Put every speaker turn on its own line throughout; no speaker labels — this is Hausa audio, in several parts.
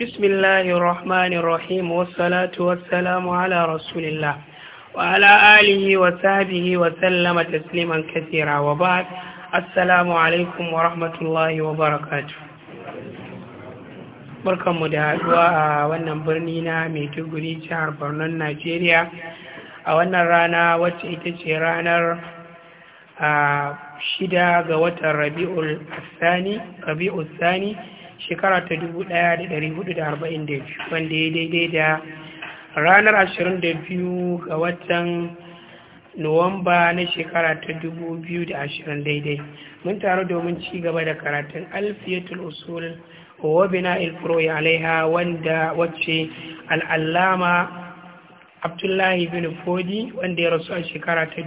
بسم الله الرحمن الرحيم والصلاة والسلام على رسول الله wa آله وصحبه وسلم barkanmu da haduwa a wannan birni na maiduguri jihar bornon najeriya a wannan rana wacce ita ce ranar ah, shida ga watan rabi'ul sani shekara ta 1442 wanda ya daidai da ranar 22 ga watan nuwamba na shekara ta 2020 daidai mun taru domin ci gaba da karatun alfiyatul usul wa bina ya alaiha wanda wacce al'allama abdullahi bin fodi wanda ya rasu a shekara ta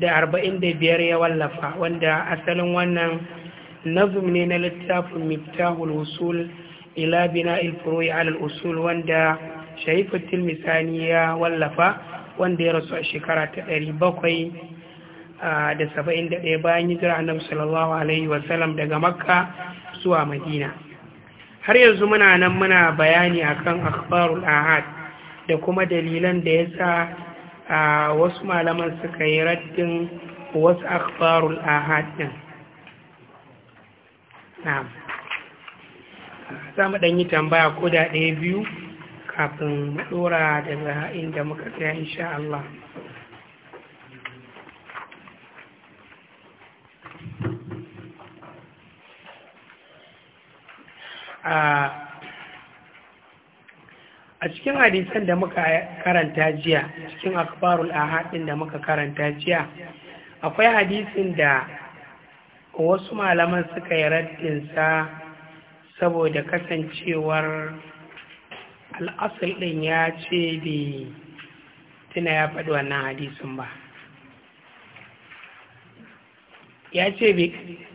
da biyar ya wallafa wanda asalin wannan nazum ne na littafin miftahul usul ila bina ilfuroi alal usul wanda shaifatul misani ya wallafa wanda ya rasu a shekara ta ɗari bakwai da saba'in da ɗaya bayan hijira annabi sallallahu alaihi wasallam daga makka zuwa madina har yanzu muna nan muna bayani akan akhbarul ahad da kuma dalilan da ya sa wasu malaman suka yi raddin wasu akhbarul ahad din na'am za mu ɗanyi tambaya ko da ɗaya biyu kafin dora daga inda muka tsaya insha Allah a cikin hadisan da muka karanta jiya cikin akbarul ahadin da muka karanta jiya akwai hadisin da wasu malaman suka yi raddinsa saboda kasancewar al'asul ɗin ya ce bai tuna ya faɗi wannan hadisin ba ya ce bi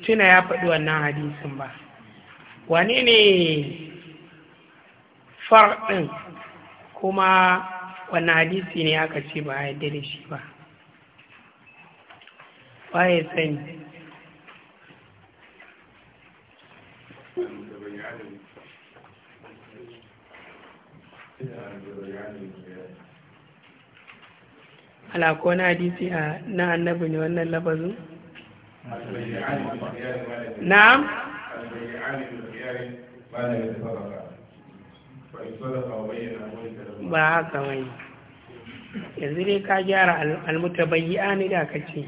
tuna ya faɗi wannan hadisin ba wani ne farɗin kuma wannan hadisi ne aka ce ba a yadda da shi ba ba ya sani alako na hadisi a na annabi ne wannan lafazin
na'am ba haka
wani yanzu dai ka gyara almutabayya ne da aka ce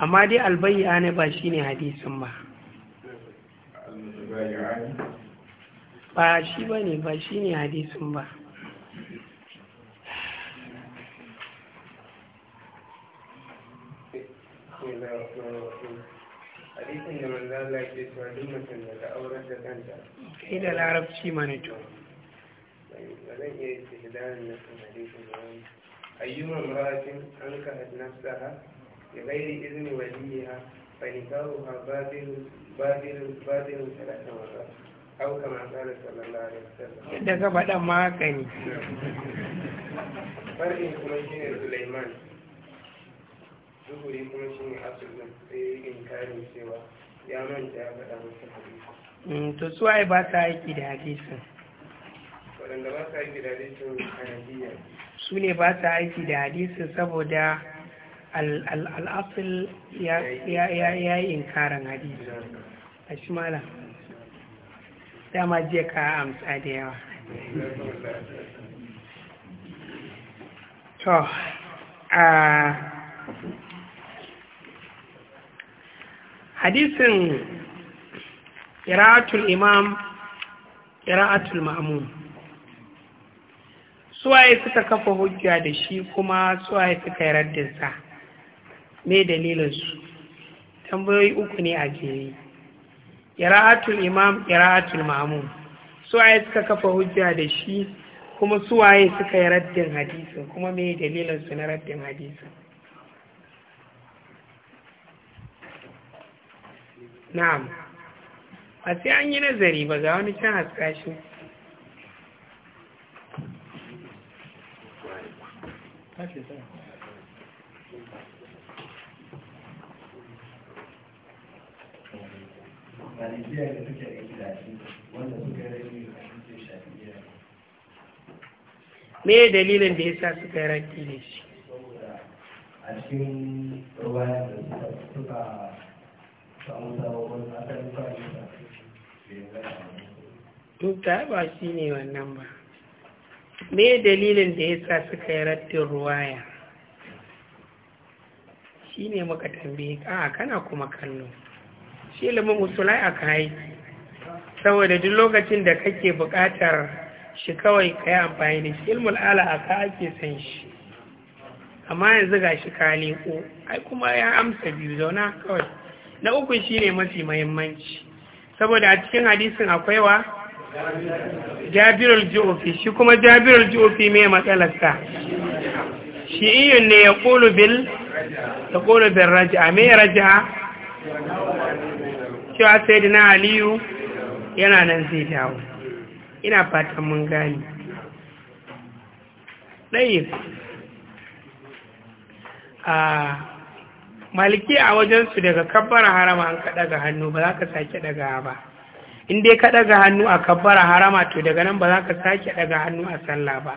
amma dai albayya ne ba shi ne hadisin ba ba shi ba ne ba shi ne hadisin ba
bismillah rahman rahim hadisin da manzo Allah ke cewa duk mutum da ta aurar da
kanta sai da larabci mana to
zan iya na san hadisin da wani ayyuma muratin an ka nafsaha bi ghairi izni waliha fa nikahuha batilun batilun batilun talata marrat aw kama qala sallallahu alaihi wasallam daga badan
ma haka ne
farin kuma shine Sulaiman zuhuri kuma shi ne asirin sai kare cewa ya manta ya faɗa wasu hadisi
mm, to su ai ba sa aiki da hadisin
waɗanda ba sa aiki da hadisin hanabiyya
su ne ba sa aiki da hadisin saboda al'asul ya yi in inkarin hadisi a shi mala dama je ka amsa da yawa to a hadisin ƙira'atul imam ƙira'atul ma'amun suwaye suka kafa hujja da shi kuma suwaye suka yi raddinsa mai dalilinsu tambayoyi uku ne a jere ƙira'atul imam ƙira'atul ma'amun suwaye suka kafa hujja da shi kuma suwaye suka yi raddin hadisin kuma mai dalilinsu na raddin hadisin na'am a sai an yi nazari ba ga wani can haskashi me dalilin da ya sa suka yi rakki da shi
a cikin ruwa da suka
Tuta ba shi ne wannan ba. Me dalilin da ya sa suka yi rattin ruwaya? Shi ne muka tambaye ka kana kuma kallo. Shi ilimin musulai a kayi. Saboda duk lokacin da kake buƙatar shi kawai ka yi amfani da shi ilmul ala a ka ake san shi. Amma yanzu ga shi ka ai kuma ya amsa biyu zauna kawai. na uku ne mafi mahimmanci saboda a cikin hadisin akwai wa jabirul jiofi shi kuma jabirul jiofi mai matsalasta. Shi iyon ne ya kulu bil ya kulu bil raja'a mai raja'a cewa sai dina aliyu yana nan zai dawo ina fatan mun gani ɗaya a ah, maliki a wajensu daga kabbara harama an ka daga hannu ba za ka sake daga ba in dai ka daga hannu a kabbara harama to daga nan ba za ka sake daga hannu a sallah ba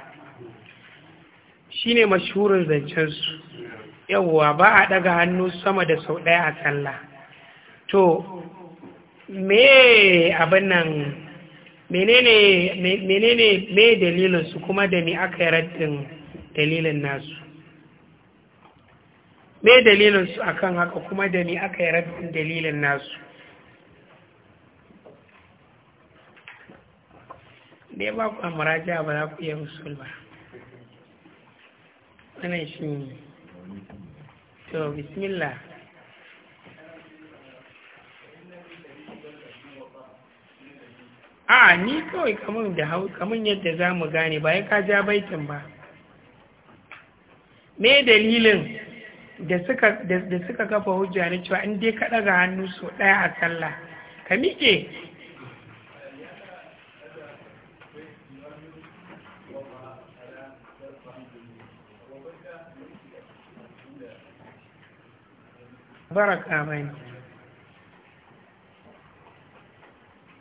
shine mashhurin zancensu yawwa ba a daga hannu sama da sau ɗaya a sallah to me abin nan menene me dalilin su kuma da me aka yi raddin dalilin nasu me dalilinsu su akan haka kuma da ni aka yi rabin dalilin nasu dai ba ku amuraja ba za ku iya musul ba wannan shi ne to bismillah a ni kawai kamun da hau kamun yadda za mu gane ba ya kaja baitin ba me dalilin da suka kafa hujja na cewa in dai ka hannu so ɗaya a sallah ka miƙe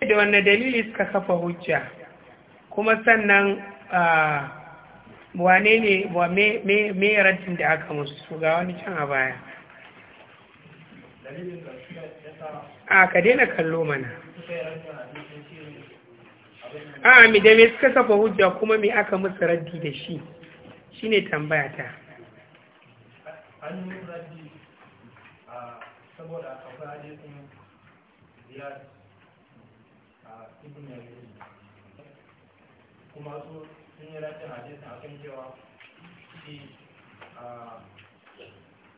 da wanne dalili suka kafa hujja kuma sannan ah, wane ne wa me raddin da aka musu ga wani can a baya
a ka daina kallo mana a mi da
suka safa hujja kuma me aka musu raddi da shi ne tambaya ta
kuma su sun yi rashin a kan cewa shi a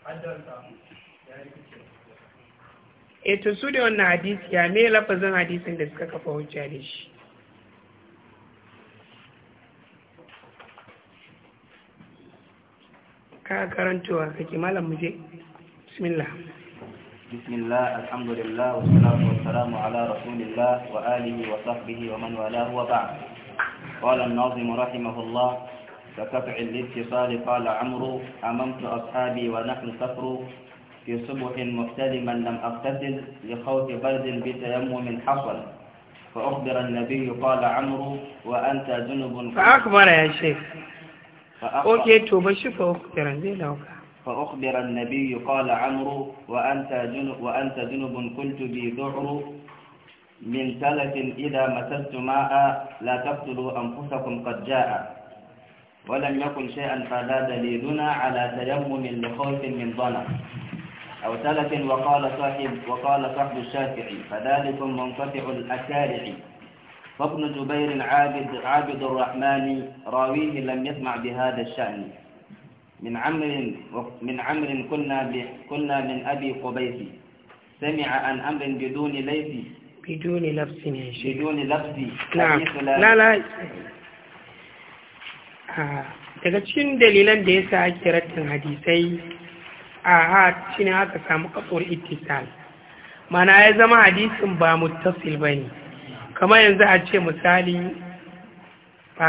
hajjarsa ya rikice
e eh, to su da wannan hadisi ya me lafazin hadisin da suka kafa wuce da shi ka karantowa kake malam muje bismillah
bismillah alhamdulillah wa salatu wa salamu ala rasulillah wa alihi wa sahbihi wa man wala huwa ba'd قال الناظم رحمه الله فقطع الاتصال قال عمرو أممت أصحابي ونحن سفر في صبح مختلما لم أغتسل لخوف برد بتيمم حصل فأخبر النبي قال عمرو وأنت جنب فأخبر يا شيخ أوكي
توبة شوف أخبر
فأخبر النبي قال عمرو وأنت جنب وأنت جنب قلت بي ذعر من ثلث إذا مسست ماء لا تقتلوا أنفسكم قد جاء ولم يكن شيئا فذا دليلنا على تيمم لخوف من ظلم أو ثلث وقال صاحب وقال صاحب الشافعي فذلكم منقطع الأكارع فابن جبير عابد عابد الرحمن راويه لم يسمع بهذا الشأن من عمر من عمر كنا كنا من أبي قبيس سمع عن أمر بدون ليث
بدون لبس
نعم لا لا
daga cikin dalilan da ya sa ake rattin hadisai a had shi ne aka samu kasuwar ittisal mana ya zama hadisin ba muttasil ba ne kamar yanzu a ce misali a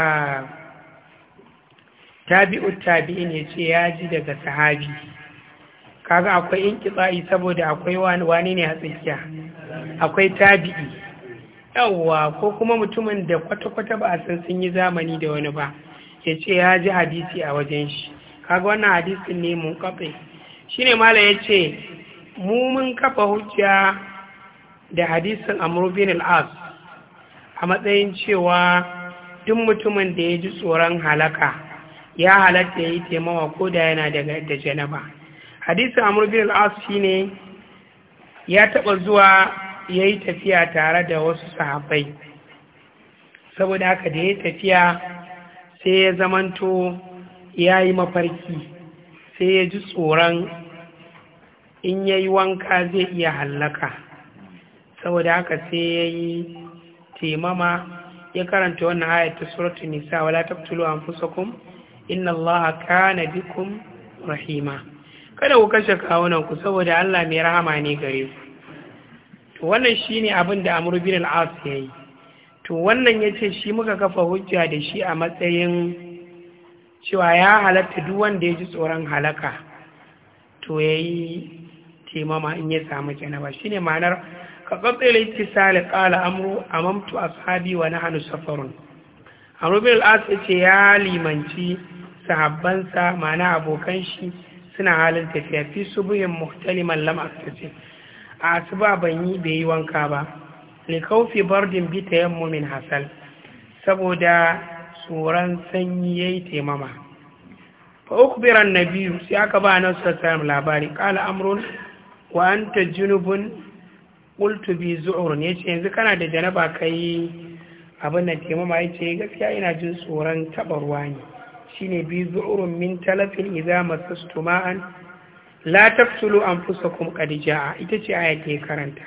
tabi'u tabi'in ya ce ya ji daga sahabi kaga akwai inkitsa'i saboda akwai wani ne a tsakiya akwai tabi'i yawwa ko kuma mutumin da kwata-kwata ba a san sun yi zamani da wani ba ya ce ya ji hadisi a wajen shi kaga wannan hadisin ne mun kafe shine mala ya ce mu mun kafa hujja da hadisin amru bin al-as a matsayin cewa duk mutumin da ya ji tsoron halaka ya halatta ya yi taimawa ko da yana da janaba hadisin amru bin al-as shine ya taɓa zuwa ya yi tafiya tare da wasu sahabai saboda haka da ya yi tafiya sai ya zamanto ya yi mafarki sai ya ji tsoron in ya yi wanka zai iya hallaka saboda haka sai ya yi taimama ya karanta wannan ayyata ta suratul nisa wala an fusa anfusakum inna allaha kana bikum rahima kada ku kashe ku saboda Allah mai rahama ne gare ku to wannan shine abin da Amr bin al-As yayi to wannan yace shi muka kafa hujja da shi a matsayin cewa ya halatta duk wanda ya ji tsoron halaka to yayi timama in ya samu janaba shine ma'anar ka qatil ittisal qala amru amamtu ashabi wa nahnu safarun Amr bin al-As yace ya limanci sahabbansa ma'ana abokan shi suna halin tafiya fi subuhin muhtaliman lam aktasim a asuba ban yi bai yi wanka ba likaufi bardin bi min hasal saboda tsoron sanyi yayi taimama fa ukbiran nabiyyu sai aka ba nan sallallahu labari qala amrun wa anta junubun qultu bi ne, yace yanzu kana da janaba kai abin nan taimama yace eh, gaskiya ina jin tsoron taɓa ruwa ne shine bi zu'urun min talafin idza masastuma'an la tafsulu anfusakum qad jaa ita ce aya ke karanta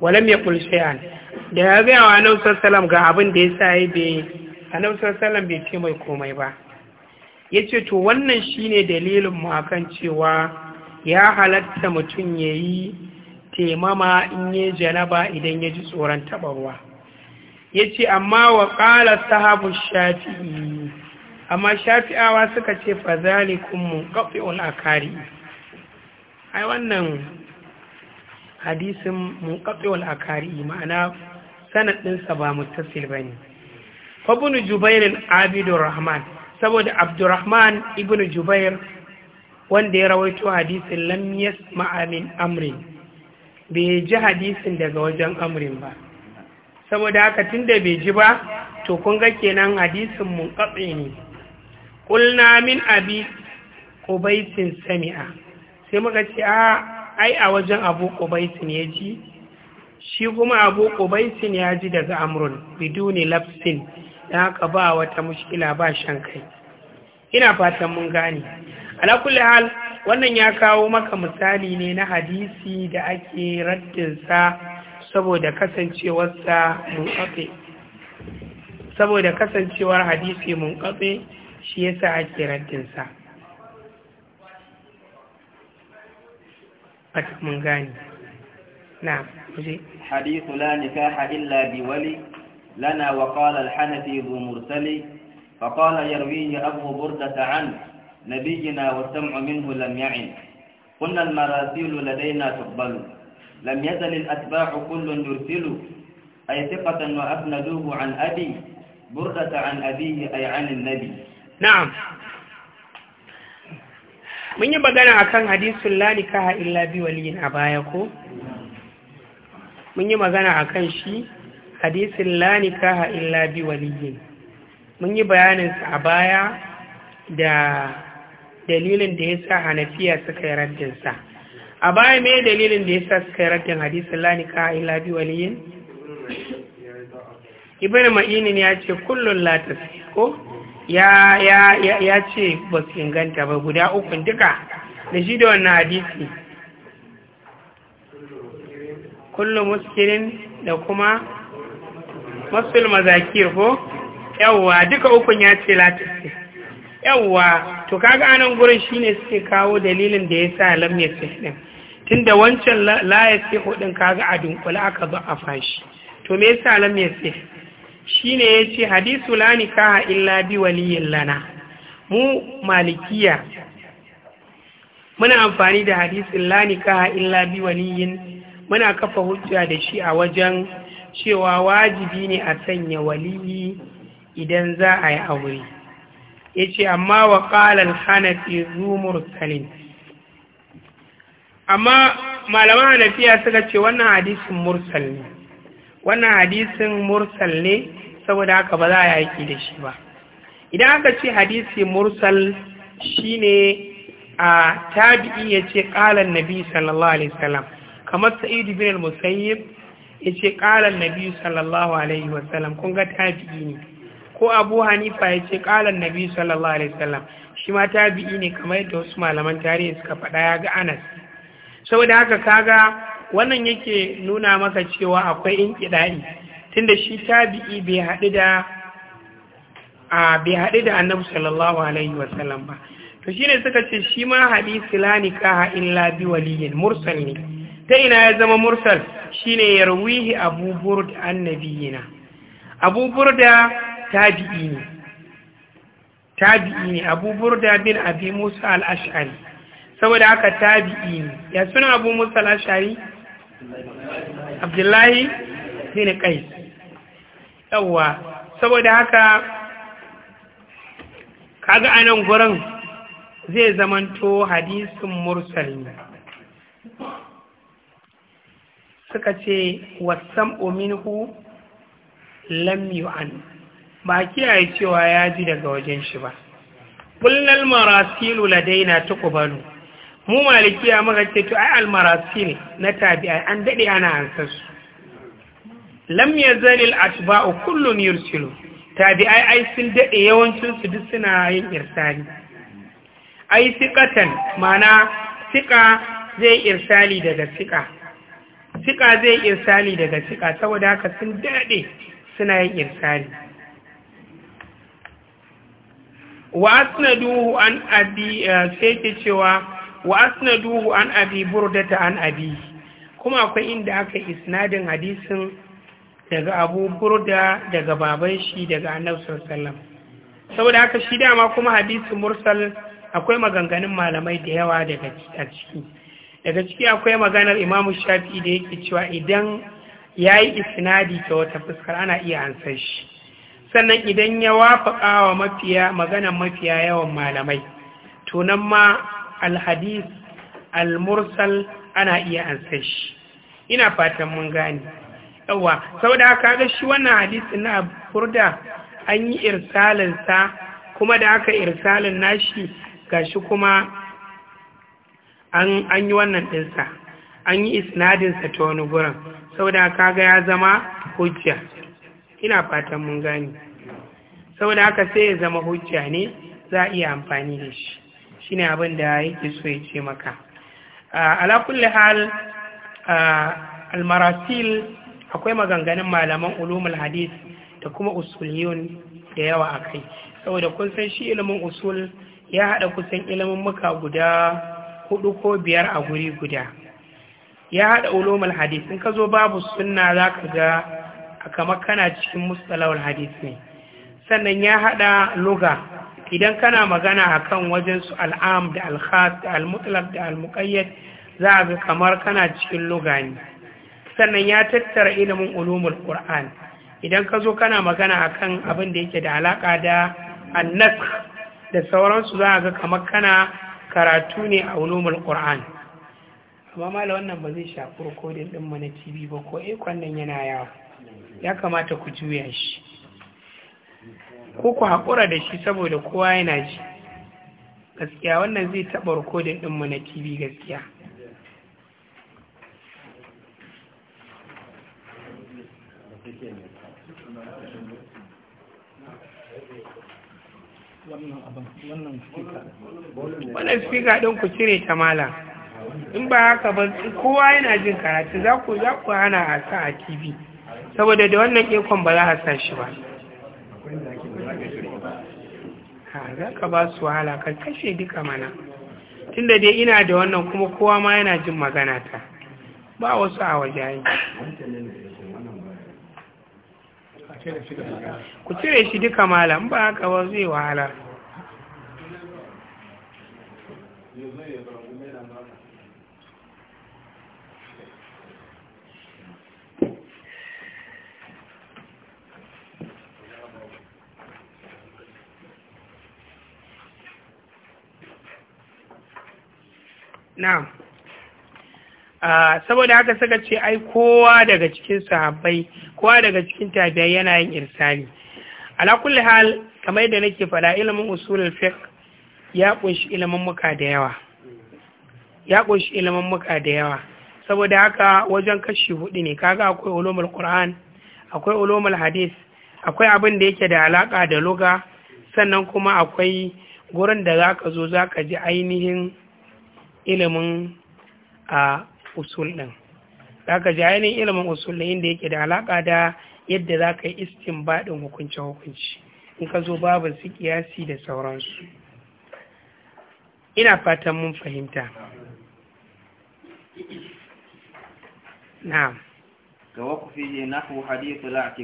walam yaqul shay'an da ya ga wa annabi ga abin da yasa yi be anan sallallahu bai ce mai komai ba yace to wannan shine dalilin mu akan cewa ya halatta mutum yayi temama in yi janaba idan ya ji tsoron taɓa ruwa ya ce amma wa ƙala sahabu shafi'i amma shafi'awa suka ce fazalikum munqati'un akari ai wannan hadisin munqati'ul akari ma'ana sanadin sa ba muttasil bane fa ibn jubair al-abidur rahman saboda abdurrahman ibn jubair wanda ya rawaito hadisin lam yasma min amrin bai ji hadisin daga wajen amrin ba saboda haka tunda bai ji ba to kun ga kenan hadisin mun munqati ne ƙulna min abi ƙubaitin sami'a sai muka ce a ai a wajen abu ƙubaitin ya ji shi kuma abu ƙubaitin ya ji daga amrun biduni lafsin da haka ba wata mushkila ba shan kai ina fatan mun gane ala kulli hal wannan ya kawo maka misali ne na hadisi da ake raddinsa saboda kasancewarsa mun saboda kasancewar hadisi mun shi yasa ake raddinsa fata mun gani na kuje
hadithu la nikaha illa bi wali lana wa qala al-hanafi dhu mursali fa qala yarwihi abu burda an nabiyina wa sam'u minhu lam ya'in قلنا المراسيل لدينا تقبل لم يزل الأتباع كل يرسل أي ثقة وأسندوه عن أبي بردة عن أبيه أي عن النبي
na'am mun yi magana akan hadisun lalikaha illa bi waliyin a baya ko mun yi magana akan shi hadisun lalikaha illa bi waliyin mun yi bayaninsa a baya da dalilin da ya sa hanafiya suka yi raddinsa a baya mai dalilin da ya sa suka yi raddin hadisun lalikaha illa bi waliyin ibn ma'inin ya ce kullum latas ko ya ce ba su inganta ba guda uku duka da shi da wannan hadisi kullum muskirin da kuma masul mazakir ko yawwa duka ukun ya ce latisi yawwa to kaga anan gurin shine suke kawo dalilin da yasa lam yasih din tunda wancan la ce hudun kaga a dunkula aka zo a fashi to me yasa lam yasih shine yace hadisu la nikaha illa bi waliyin lana mu malikiya muna amfani da hadisin la nikaha illa bi waliyin muna kafa hujja da shi a wajen cewa wajibi ne a sanya waliyi idan za a yi aure yace amma wa qala al-hanafi zumur amma malaman hanafiya suka ce wannan hadisin mursal ne wannan hadisin mursal ne saboda haka ba za a yaki da shi ba idan aka ce hadisi mursal shine a tabi'i ya ce ƙalan nabi sallallahu alaihi wasallam kamar sa'idu bin al-musayyib ya ce ƙalan nabi sallallahu alaihi wasallam kun ga tabi'i ne ko abu hanifa ya ce ƙalan nabi sallallahu alaihi wasallam shi ma tabi'i ne kamar yadda wasu malaman tarihi suka faɗa ya ga anas saboda haka kaga wannan yake nuna maka cewa akwai inkiɗa'i tunda shi tabi'i bai haɗu da a bai da annabi sallallahu alaihi wasallam ba to shine suka ce shi ma hadisi la nikaha illa bi waliyin mursal ne ta ina ya zama mursal shine yarwihi abu burda annabiyina abu burda tabi'i ne tabi'i ne abu burda bin abi musa al-ash'ari saboda haka tabi'i ne ya suna abu musa al-ash'ari abdullahi bin ƙai. yawa saboda haka kaga anan gurin zai zamanto hadisin mursalin suka ce wasan minhu lam yu'an ba kiyaye cewa ya ji daga wajen shi ba kullal marasilu ladaina tuqbalu mu malikiya maka ce to ai almarasi ne na tabi'ai an dade ana ansar lam yazal atba'u kullun yursilu tabi'ai ai sun dade yawancin su duk suna yin irsali ai siqatan mana siqa zai irsali daga siqa siqa zai irsali daga siqa saboda haka sun dade suna yin irsali wa asnaduhu an abi eh, sai ke cewa wa asnaduhu an abi burdata an abi kuma akwai inda aka isnadin hadisin daga abu burda daga baban shi daga annabi sallallahu saboda haka shi dama kuma hadisin mursal akwai maganganun malamai da yawa daga ciki daga ciki akwai maganar imamu shafi da yake cewa idan yayi isnadi ta wata fuskar ana iya ansar shi sannan idan ya wafa wa mafiya maganar mafiya yawan malamai tunan ma alhadis almursal ana iya ansa shi ina fatan mun gane yawa saboda haka ga shi wannan hadisin na burda an yi irsalinsa kuma da aka irsalin nashi gashi kuma an yi wannan ɗinsa an yi isnadinsa ta wani gurin saboda ga ya zama hujja ina fatan mun gani saboda haka sai ya zama hujja ne za a iya amfani da shi shine abin da yake so ya ce maka ala kulli hal almarasil akwai maganganun malaman ulumul hadith da kuma usuliyun da yawa akai saboda kun san shi ilimin usul ya haɗa kusan ilimin muka guda hudu ko biyar a guri guda ya haɗa ulumul hadith in ka zo babu sunna za ka ga a kama kana cikin mustalawul hadith ne sannan ya haɗa luga idan kana magana akan wajen su al'am da al da almutlak da al-muqayyad za a ga kamar kana cikin lugani sannan ya tattara ilimin ulumul qur'an idan ka zo kana magana a kan abin da yake da alaƙa da annas da sauransu za a ga kamar kana karatu ne a ulumul qur'an amma mala wannan ba zai shafi rikodin ɗin mu na TV ba ko eh kwannan yana yawo ya kamata ku juya shi ko ku haƙura da shi saboda kowa yana ji gaskiya wannan zai taɓa rikodin ɗinmu na tv gaskiya wannan spika ɗin ku cire ta mala in ba haka ba kowa yana jin karatu za ku hana a sa a tv saboda da wannan ikon ba za a sa shi ba za ka ba su wahala ka kashe duka mana tunda dai ina da wannan kuma kowa ma yana jin magana ta ba wasu a waje
ku cire shi duka
malam ba haka ba zai wahala na'am ah, saboda haka Saka ce ai kowa daga cikin sahabbai kowa daga cikin tabi'ai yana yin irsali ala kulli hal kamar yadda nake faɗa ilimin usulul fiqh ya kunshi ilimin muka da yawa ya kunshi ilimin muka da yawa saboda haka wajen kashi hudu ne kaga akwai ulumul qur'an akwai ulumul hadith akwai abin da yake da alaka da luga sannan kuma akwai gurin da zaka zo zaka ji ainihin ilimin a usul ɗin daga jahilin ilimin usul ɗin inda yake da alaƙa da yadda za ka yi istin baɗin hukunci hukunci in ka zo babu su kiyasi da sauransu ina fatan mun fahimta na'am
كوقفه نحو حديث لا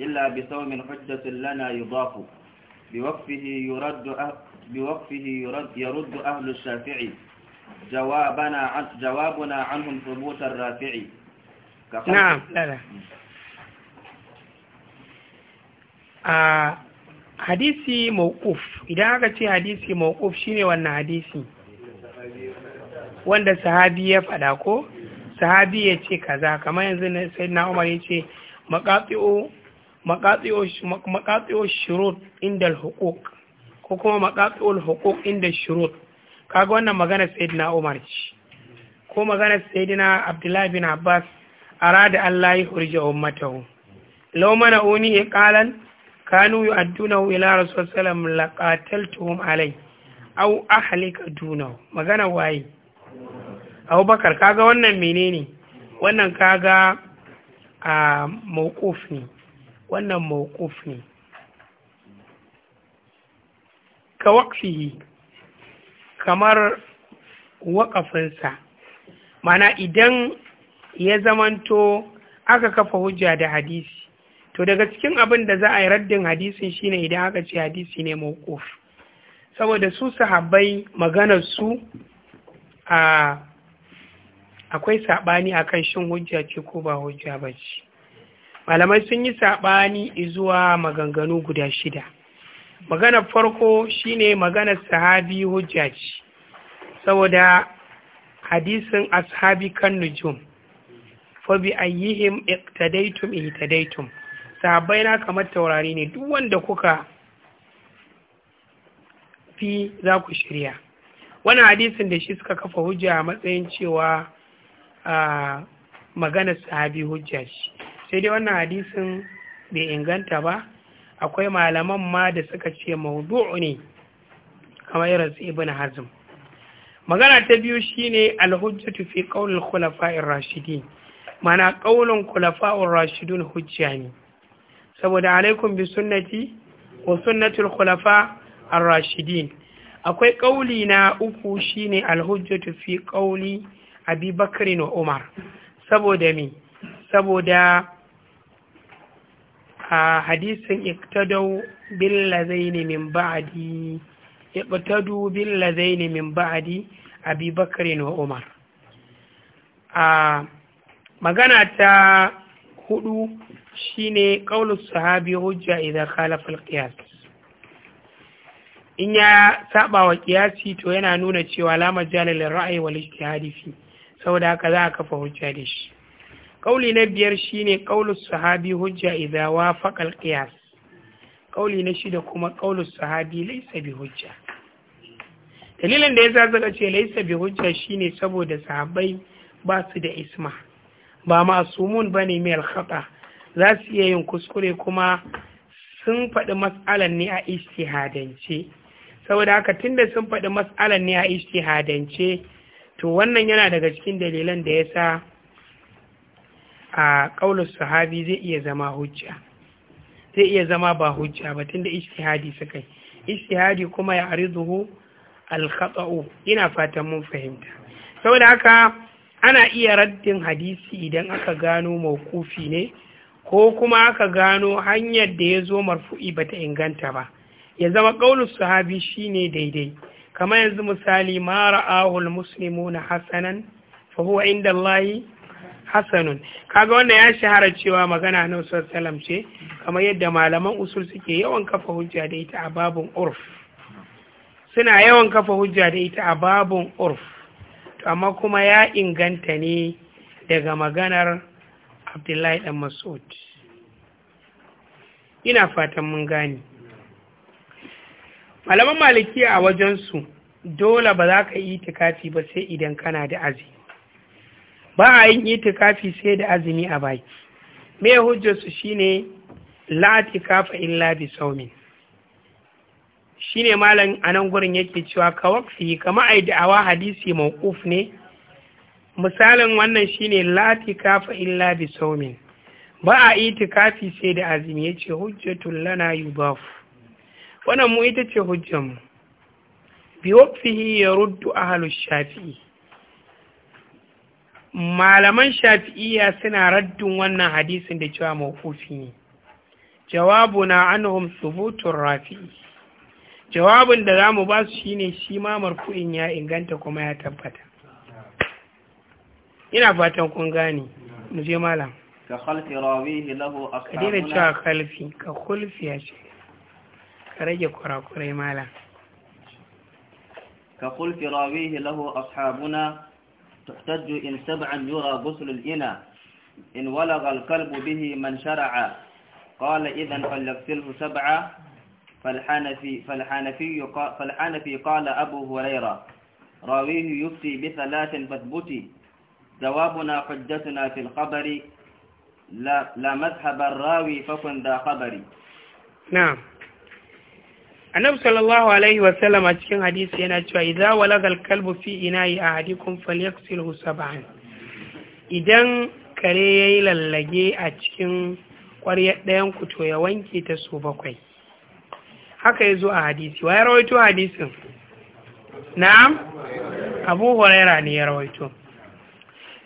إلا بصوم حجة لنا يضاف بوقفه يرد بوقفه يرد, يرد أهل الشافعي جوابنا عن جوابنا عنهم ثبوت الرافعي
hadisi mawquf idan aka ce hadisi mawquf shine wannan hadisi wanda sahabi ya faɗa ko sahabi ya ce kaza kamar yanzu na sayyidina Umar ya ce maqati'u maqati'u maqati'u shurut inda al ko kuma matsatul hukuk inda shurut kaga wannan magana sayyidina Umar ce ko magana sayyidina Abdullahi bin Abbas arada Allah ya hurja ummatahu law mana uni iqalan kanu yu'addunahu ila rasul sallam laqataltuhum alai aw ahlika duna magana waye Abubakar kaga wannan menene wannan kaga a ah, mawquf ne wannan mawquf ne ka waƙfihi kamar waƙafinsa mana idan ya zamanto aka kafa hujja da hadisi to daga cikin abin da za a yi raddin hadisin shine idan aka ce hadisi ne mawquf saboda su sahabbai maganar su a akwai sabani akan shin hujja ce ko ba hujja ba ce malamai sun yi sabani zuwa maganganu guda shida maganar farko shine maganar sahabi hujja ce saboda hadisin ashabi kan nujum fa bi ayyihim iqtadaytum ihtadaytum sahabbai na kamar taurari ne duk wanda kuka fi za ku shirya wannan hadisin da shi suka kafa hujja a matsayin cewa a maganar sahabi hujja ce sai dai wannan hadisin bai inganta ba akwai malaman ma da suka ce maudu'u ne kamar irin su ibn hazm magana ta biyu shine al-hujjatu fi qawlil khulafa'ir rashidin mana qawlun khulafa'ur rashidun hujja ne saboda alaikum bi sunnati wa sunnatul khulafa ar-rashidin akwai ƙauli na uku shine alhujjatu fi ƙauli abi bakrin wa umar saboda me saboda a hadisin iktadau lazaini min iktadu bin lazaini min ba'adi, abi umar a magana ta hudu shine qaulu sahabi hujja idan khalafa qiyas in ya saba wa kiyasi to yana nuna cewa lamar jalilin ra'ayi wal ijtihadi fi saboda haka za a kafa hujja da shi kauli na biyar shine kaulus sahabi hujja idza wafaqa al kauli na shida kuma kaulus sahabi laysa bi hujja dalilin da yasa zaka ce laysa bi hujja shine saboda sahabbai ba su da isma ba masumun bane mai al-khata za su iya yin kuskure kuma sun faɗi mas'alan ne a ijtihadance saboda haka tunda sun faɗi mas'alan ne a ijtihadance to wannan yana daga cikin dalilan da yasa a ƙaunar sahabi zai iya zama hujja zai iya zama ba hujja ba tunda ishihadi suka yi kuma ya arizuhu al ina fatan mun fahimta sau da haka ana iya raddin hadisi idan aka gano maukufi ne ko kuma aka gano hanyar da ya zo marfu'i ta inganta ba ya zama ƙaunar sahabi shine daidai kamar yanzu misali mara ahul muslimu na hasanan fa huwa inda hasanun kaga wanda ya shahara cewa magana na sallam ce kamar yadda malaman usul suke yawan kafa hujja da ita a babun urf suna yawan kafa hujja da ita a babun urf amma kuma ya inganta ne daga maganar abdullahi dan mas'ud ina fatan mun gani malaman maliki a wajensu dole ba za ka yi tikafi ba sai idan kana da azumi ba a yin itikafi sai da azumi a baki me hujjarsu shine la itikafa illa bi saumin shine malam anan gurin yake cewa ka wakfi kama ai da'awa hadisi mawquf ne misalin wannan shine la itikafa illa bi saumin ba a itikafi sai da azumi yace hujjatul lana yudaf wannan mu ita ce hujjar mu bi waqfihi yaruddu ahlus shafi'i malaman shafi'iyya suna raddin wannan hadisin da cewa mawkufi ne Jawabu na anhum thubutun rafi jawabin da za mu ba su shine shi ma marfu'in ya inganta kuma ya tabbata ina fatan kun gane mu je malam
ka khalfi rawihi lahu ashabuna ka cewa
khalfi ka khulfi ya ce ka rage kurakurai malam
ka khulfi rawihi lahu ashabuna تحتج إن سبعا يرى غسل الإنى إن ولغ القلب به من شرع قال إذا فليغسله سبعا فالحنفي, فالحنفي, فالحنفي قال أبو هريرة راويه يفتي بثلاث فاثبتي جوابنا حجتنا في الخبر لا, لا مذهب الراوي فكن ذا
خبري نعم annabi sallallahu alaihi wasallam a cikin hadisi yana cewa idza walagal kalbu fi ina'i ahadikum falyaghsilhu sab'an idan kare yayi lallage a cikin ƙwaryar ɗayan ku to ya wanke ta su bakwai haka yazo a hadisi wa ya rawaito hadisin na'am abu hurairah ne ya rawaito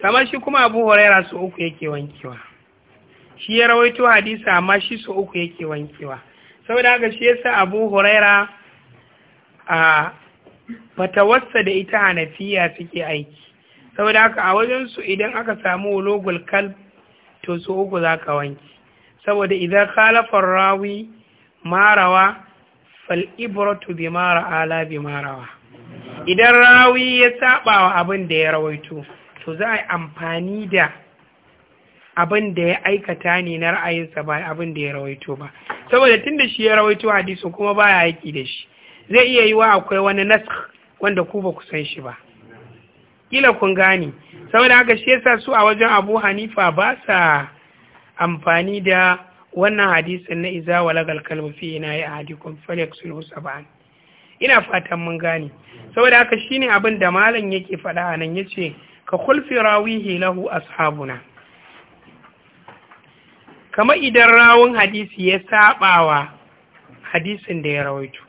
kamar shi kuma abu hurairah su uku yake wankewa shi ya rawaito hadisi amma shi su uku yake wankewa saboda haka shi yasa abu huraira a fatawarsa da ita a hanafiya suke aiki saboda haka a su idan aka samu logul kalb to su uku za ka wanki saboda idan khalafar rawi marawa fal ibratu bi mara ala bi marawa idan rawi ya saba wa abin da ya rawaito to za a yi amfani da abin da ya aikata ne na ra'ayinsa ba abin da ya rawaito ba saboda tunda shi ya rawaito hadisin kuma ba ya yaki da shi zai iya yi wa akwai wani nask wanda ku ba ku san shi ba kila kun gane saboda haka shi yasa su a wajen Abu Hanifa ba sa amfani da wannan hadisin na iza walagal kalbu fi ina ya ahadikum ina fatan mun gane saboda haka shine abin da malam yake faɗa anan yace ka kulfi rawihi lahu ashabuna kama idan rawun hadisi ya wa hadisin da ya rawaito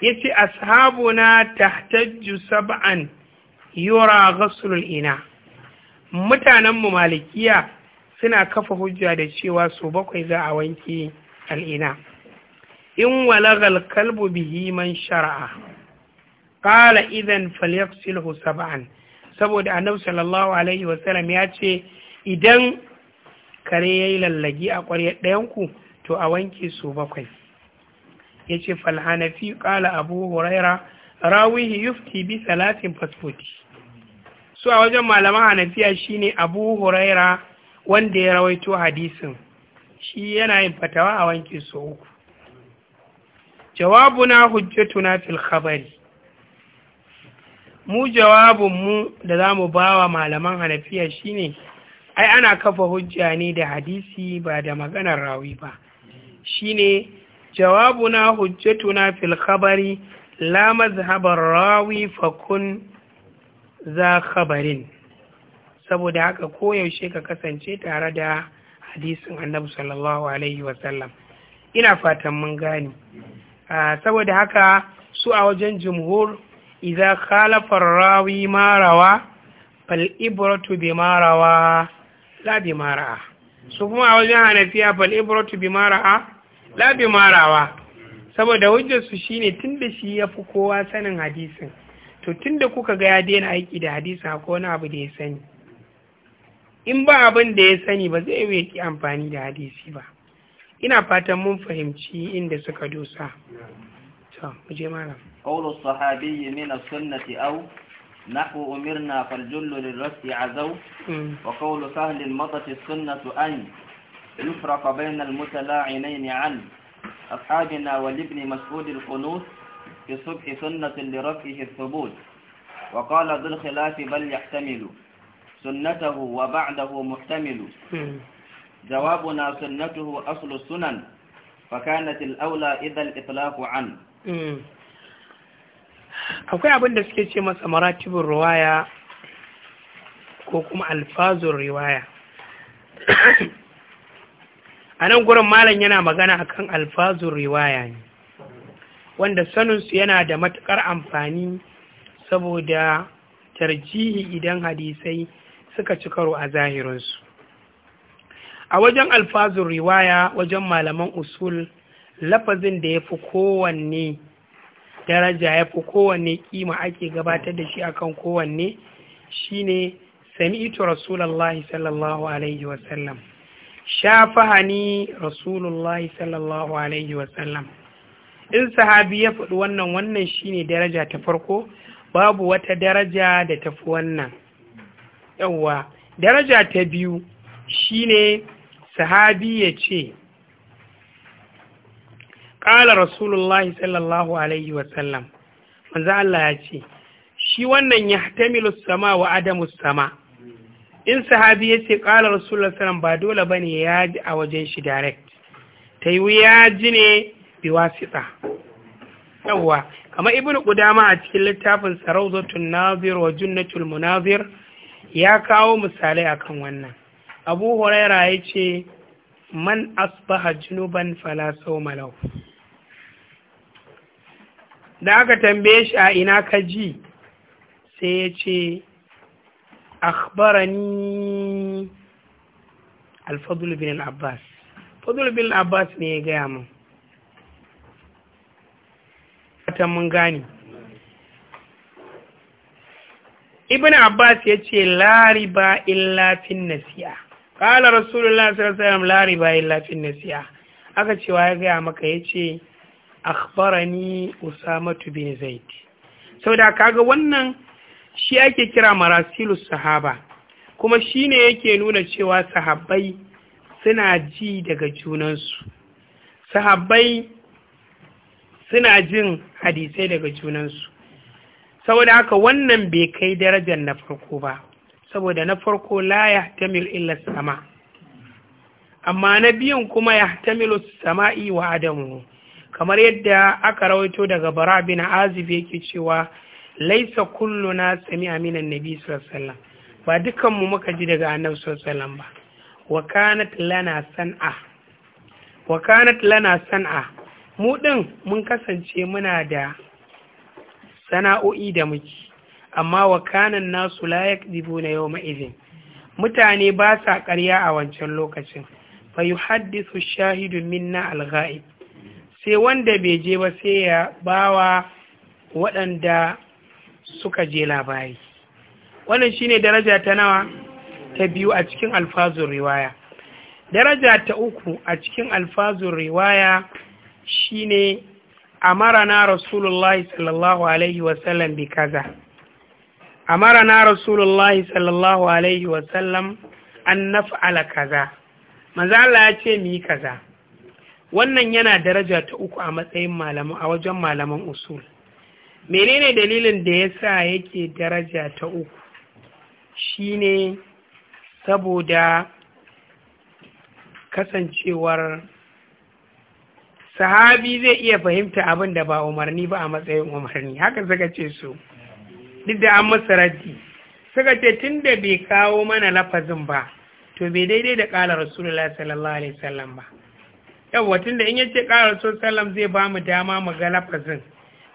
ya ce ashabuna tahtajju sab'an yura al ina mutanen mu malikiya suna kafa hujja da cewa su bakwai za a wanke al'ina in walagal kalbu bihi man shara'a qala idan falyaghsilhu sab'an saboda annabi sallallahu alaihi wasallam ya ce idan kare ya yi lallagi a ƙwaryar ɗayanku to a wanke su bakwai ya ce falhanafi ƙala abu huraira rawihi yufti bi salatin fasfoti su a wajen malaman hanafiya shine abu huraira wanda ya rawaito hadisin shi yana yin fatawa a wanke su uku jawabuna hujjatuna fil khabari mu mu da za mu bawa malaman hanafiya shine ai ana kafa hujja ne da hadisi ba da maganar rawi ba shine jawabuna hujjatu na khabari la mazhabar rawi fakun za khabarin saboda haka koyaushe ka kasance tare da hadisin annabi sallallahu alaihi wasallam ina fatan mun gani saboda haka su a wajen jumhur iza khalafar rawi marawa fal ibratu bi marawa Labi mara'a su kuma a wajen hanafiya fal ibratu bi mara'a
la bi marawa
saboda hujjar su shine tunda shi ya fi kowa sanin hadisin to tunda kuka ga ya daina aiki da hadisin ko wani abu da ya sani in ba abin da ya sani ba zai iya ki amfani da hadisi ba ina fatan mun fahimci inda suka dosa to mu je malam
qawlu sahabiyyi min as-sunnati نحو أمرنا فالجل للرس عزو وقول سهل مضت السنة أن يفرق بين المتلاعنين عن أصحابنا ولابن مسعود القنوت في الصبح سنة لرفعه الثبوت وقال ذو الخلاف بل يحتمل سنته وبعده محتمل جوابنا سنته أصل السنن فكانت الأولى إذا الإطلاق عن
akwai abin da suke ce masa maratibin ruwaya ko kuma alfazun riwaya a nan gurin malam yana magana akan alfazun riwaya ne wanda saninsu yana da matukar amfani saboda tarjihi idan hadisai suka ci karo a zahirinsu a wajen alfazun riwaya wajen malaman usul lafazin da ya fi kowanne daraja ya fi kowanne kima ake gabatar da shi akan kowanne shine sami'tu rasulullahi sallallahu alaihi wasallam shafahani rasulullahi sallallahu alaihi wasallam in sahabi ya faɗi wannan wannan shine daraja ta farko babu wata daraja da tafi wannan yawwa daraja ta biyu shine sahabi ya ce ƙala rasulullahi sallallahu alaihi wasallam manzo Allah ya ce shi wannan ya tamilu sama wa adamu sama in sahabi ya ce ƙala rasulullah sallam ba dole ba ne ya ji a wajen shi direct ta yi ya ji ne bi wasita yawwa kamar ibn qudama a cikin littafin sarautatun nazir wa junnatul munazir ya kawo misalai akan wannan abu huraira ya ce man asbaha junuban fala sau da aka tambaye shi a ina ka ji sai ya ce akhbarani alfadul bin abbas fadul bin abbas ne ya gaya min fatan mun gani ibn abbas ya ce lariba illa fin nasiya ƙala rasulullah sallallahu alaihi wasallam lariba illa fin nasiya aka cewa ya gaya maka ya ce akhbarani usamatu bin zaid saboda kaga wannan shi ake kira Marasilu sahaba kuma shine yake nuna cewa sahabbai suna ji daga junansu sahabbai suna jin hadisai daga junansu saboda haka wannan bai kai darajar na farko ba saboda na farko la yahtamil illa sama amma na biyun kuma yahtamilu sama'i wa adamu kamar yadda aka rawaito daga bara bin azib yake cewa laisa kullu na sami aminan nabi sallallahu ba dukanmu muka ji daga annabi sallallahu ba wa kanat lana san'a wa kanat lana san'a mu din mun kasance muna da sana'o'i da muke amma wa kanan nasu la yakdibuna yawma idin mutane ba sa ƙarya a wancan lokacin fa yuhaddithu shahidun minna al-ghaib sai wanda bai je ba sai ya bawa waɗanda suka je labari wannan shine daraja ta nawa ta biyu a cikin alfazun riwaya daraja ta uku a cikin alfazun riwaya shine amarana rasulullahi sallallahu alaihi wasallam bi kaza amarana rasulullahi sallallahu alaihi wasallam an naf'ala kaza manzo Allah ya ce mi kaza wannan yana daraja ta uku a matsayin malamu a wajen malaman usul menene dalilin da ya sa yake daraja ta uku shine saboda kasancewar sahabi zai iya fahimta abin da ba umarni ba a matsayin umarni haka suka ce su duk da an masa raddi suka ce tun da bai kawo mana lafazin ba to bai daidai da ƙala rasulullah sallallahu alaihi wasallam ba tun da in yace ƙara sun sallam zai ba mu dama mu ga lafazin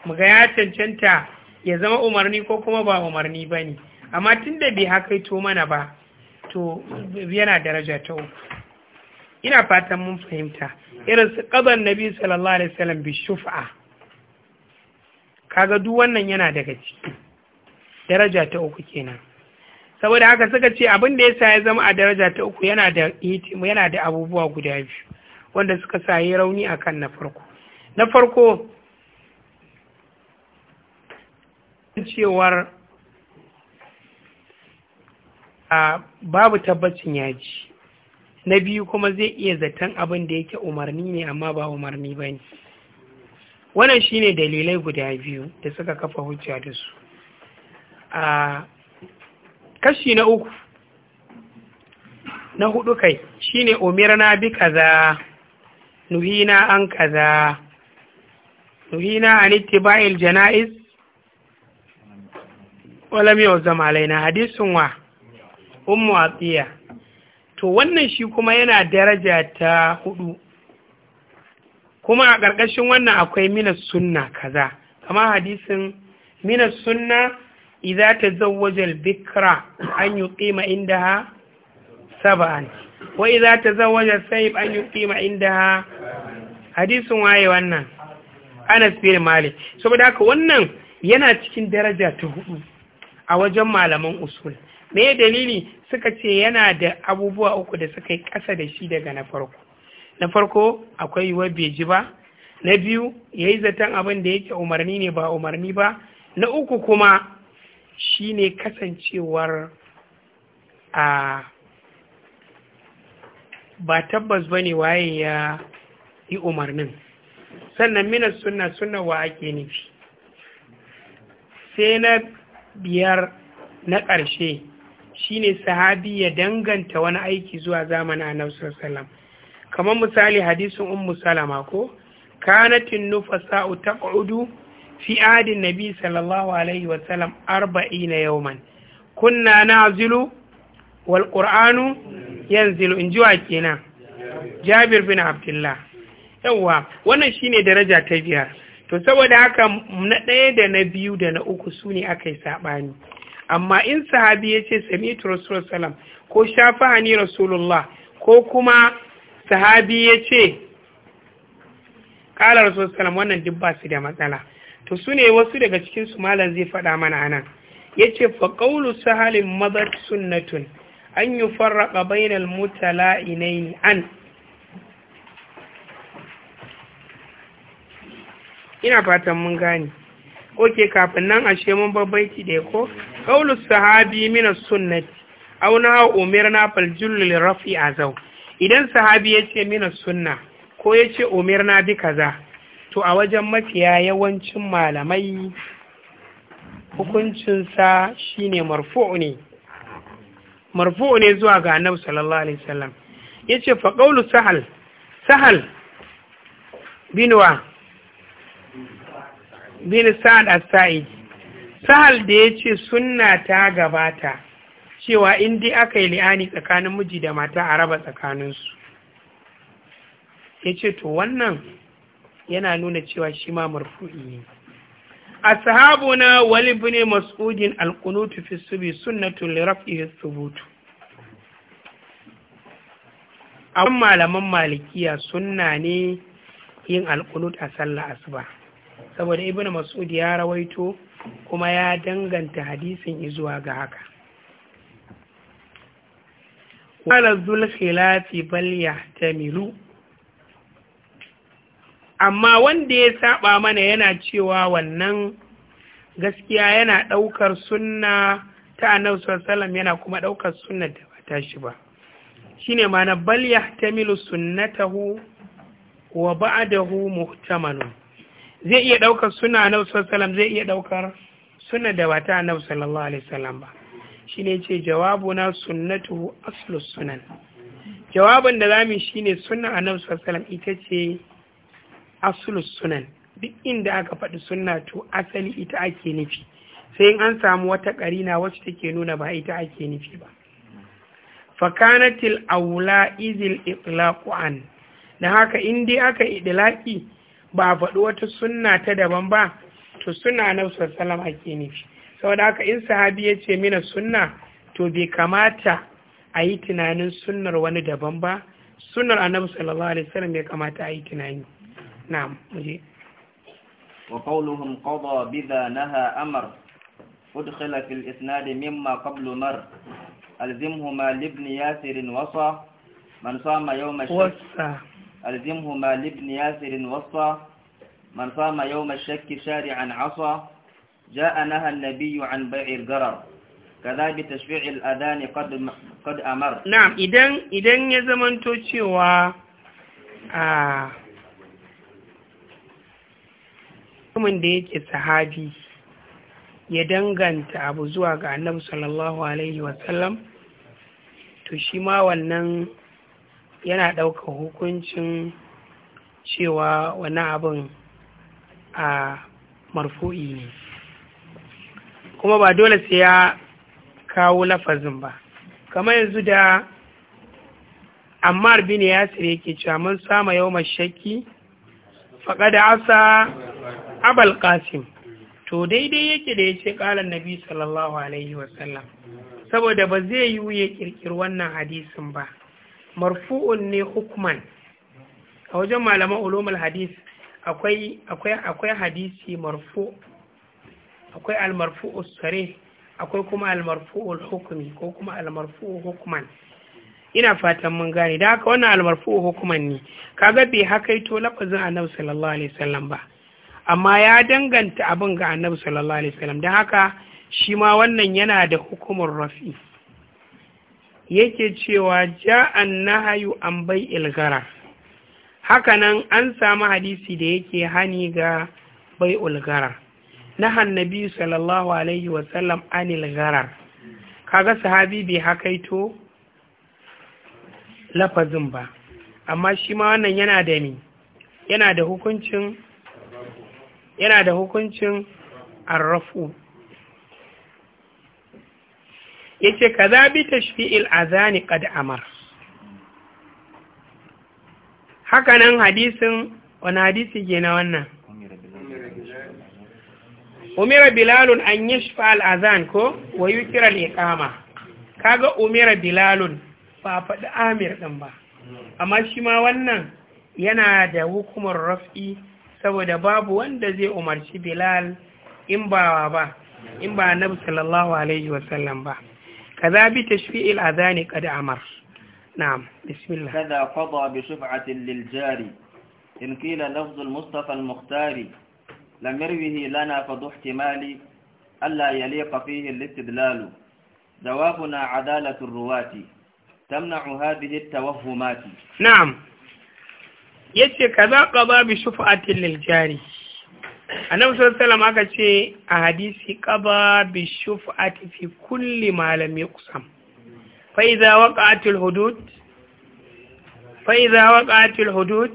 mu ga ya cancanta ya zama umarni ko kuma ba umarni ba ne amma tun da bai to mana ba to yana daraja ta uku ina fatan mun fahimta irin su ƙazan nabi sallallahu alaihi wasallam bi shufa kaga duk wannan yana daga ciki daraja ta uku kenan saboda haka suka ce abin da ya sa ya zama a daraja ta uku yana yana da abubuwa guda biyu wanda suka sayi rauni akan na farko na farko cewar babu tabbacin yaji na biyu kuma zai iya zaton abin da yake umarni ne amma ba umarni ba ne wannan shi ne dalilai guda biyu da suka kafa hujja da su a kashi na uku na hudu kai shi shine umirna bi kaza nuhina an kaza nuhina an اتباع jana'iz ولم yau علينا laina hadisin wa ummu تو wannan shi kuma yana daraja ta hudu kuma a ƙarƙashin wannan akwai mina sunna kaza kama hadisin mina sunna idza tazawwaja al-bikra an yuqima indaha sab'an wa idza tazawwaja sayyib an inda ha hadisin waye wannan Anas Mali. Malik saboda haka wannan yana cikin daraja ta hudu a wajen malaman usul me dalili suka ce yana da abubuwa uku da suka yi ƙasa da shi daga na farko na farko akwai yiwuwar bai ba na biyu ya yi zaton abin da yake umarni ne ba umarni ba na uku kuma shine kasancewar a ba tabbas ba ne waye ya yi umarnin sannan minas suna suna wa ake nufi sai na biyar na ƙarshe shine sahabi ya danganta wani aiki zuwa zamanin annabi sallam kamar misali hadisin ummu salama ko kanatin nufasa'u taq'udu fi adin nabi sallallahu alaihi wa sallam arba'ina yawman kunna na'zilu wal qur'anu yanzilu in jiwa kenan jabir bin abdullah yawwa wannan shine daraja ta biyar to saboda haka na ɗaya da na biyu da na uku su ne aka yi saɓani amma in sahabi ya ce sami'tu rasulullah salam ko shafa'ani rasulullah ko kuma sahabi ya ce ƙala rasulullah salam wannan duk ba su da matsala to su ne wasu daga cikinsu su malam zai faɗa mana anan ya ce faƙaulu sahalin mazar sunnatun an yi farraka bainal mutala inaini an ina fatan mun gani oke kafin nan ashe mun babbaiti da ko qaulus sahabi min sunnati aw na umirna fal julul rafi azau idan sahabi yace min sunna ko yace umirna bi kaza to a wajen mafiya yawancin malamai hukuncinsa shine marfu' ne marfu ne zuwa ga annabi sallallahu alaihi wasallam yace fa qawlu sahal sahal binwa bin sa'ad as-sa'id sahal da yace sunna ta gabata cewa in dai aka yi li'ani tsakanin miji da mata a raba tsakaninsu yace to wannan yana nuna cewa shi ma marfu'i ne ashabuna wali ibn Mas'udin al qunut fi subhi sunnatun li raf'ihi thubut abin malaman malikiya sunna ne yin alkunut a sallah asuba saboda ibn mas'ud ya rawaito kuma ya danganta hadisin izuwa ga haka wala zul khilafi bal yahtamilu amma wanda ya saba mana yana cewa wannan gaskiya yana ɗaukar sunna ta annabi sallallahu yana kuma ɗaukar sunnar da ba ta shi ba shine mana bal yahtamilu sunnatahu wa ba'dahu muhtamalun zai iya ɗaukar sunna annabi sallallahu zai iya ɗaukar sunna da ba ta annabi sallallahu alaihi wasallam ba shine ce jawabuna sunnatuhu aslus sunan jawabin da zamu shine sunna annabi sallallahu alaihi wasallam ita ce asulus sunan duk inda aka faɗi sunna to asali ita ake nufi sai in an samu wata ƙarina wacce take nuna ba ita ake nufi ba fakanatil aula izil itlaqu an da haka in dai aka idlaqi ba a faɗi wata sunna ta daban ba to suna na sallam ake nufi saboda haka in sahabi ya ce mina sunna to bai kamata a yi tunanin sunnar wani daban ba sunnar annabi sallallahu alaihi wasallam ya kamata a yi tunani نعم مجيب
وقولهم قضى بذا نهى أمر أدخل في الإسناد مما قبل مر ألزمهما لابن ياسر وصى من صام يوم الشك ألزمهما لابن ياسر وصى من صام يوم الشك شارعا عصى جاء نهى النبي عن بيع القرر كذا بتشفيع الأذان قد قد أمر
نعم إذن إذن يزمن توشي و آه mutumin da yake sahabi ya danganta abu zuwa ga annabi sallallahu alaihi wasallam to shi ma wannan yana ɗaukar hukuncin cewa wani abin a marfu'i ne kuma ba dole sai ya kawo lafazin ba kamar yanzu da ammar bin yasir yake cewa mun sama yau mashaki faƙa da asa abal kasim to daidai yake da ya ce kalan nabi sallallahu alaihi wasallam saboda ba zai yi ya ƙirƙiri wannan hadisin ba marfu'un ne hukman a wajen malaman ulumul hadis akwai akwai hadisi marfu akwai almarfu'u sare akwai kuma almarfu'ul hukmi ko kuma almarfu'u hukman ina fatan mun gane da haka wannan almarfu'u hukman ne kaga bai hakaito lafazin annabi sallallahu alaihi wasallam ba amma ya danganta abin ga annabi sallallahu alaihi wasallam dan haka shi ma wannan yana da hukumar rafi yake cewa ja'an nahayu an bai ilgara hakanan an samu hadisi da yake hani ga bai ulgara na annabi sallallahu alaihi wasallam an ilgarar kaga sahabi bai hakaito lafazin ba amma shi ma wannan yana da ni yana da hukuncin yana da hukuncin arrafu yace kaza bi tashfi'il azani qad amar haka nan hadisin wani hadisi ke na wannan umira bilalun an yashfa al-azan ko wa yukira Ka ga kaga umira bilalun ba faɗi amir ɗin ba amma shi ma wannan yana da hukumar raf'i saboda babu wanda zai umarci bilal in ba ba in ba annabi sallallahu alaihi wasallam ba kaza bi tashfi'il adhani qad amar na'am bismillah
kaza qada bi shuf'atin lil jari in kila lafz al mustafa al mukhtari lam yarwihi lana fa ihtimali alla yaliqa fihi al istidlal جوابنا عدالة ruwati
تمنع هذه التوهمات نعم yace kaza qada bi shufa'atin lil jari annabi sallallahu aka ce a hadisi qada bi shufa'ati fi kulli ma lam yuqsam fa idza hudud fa hudud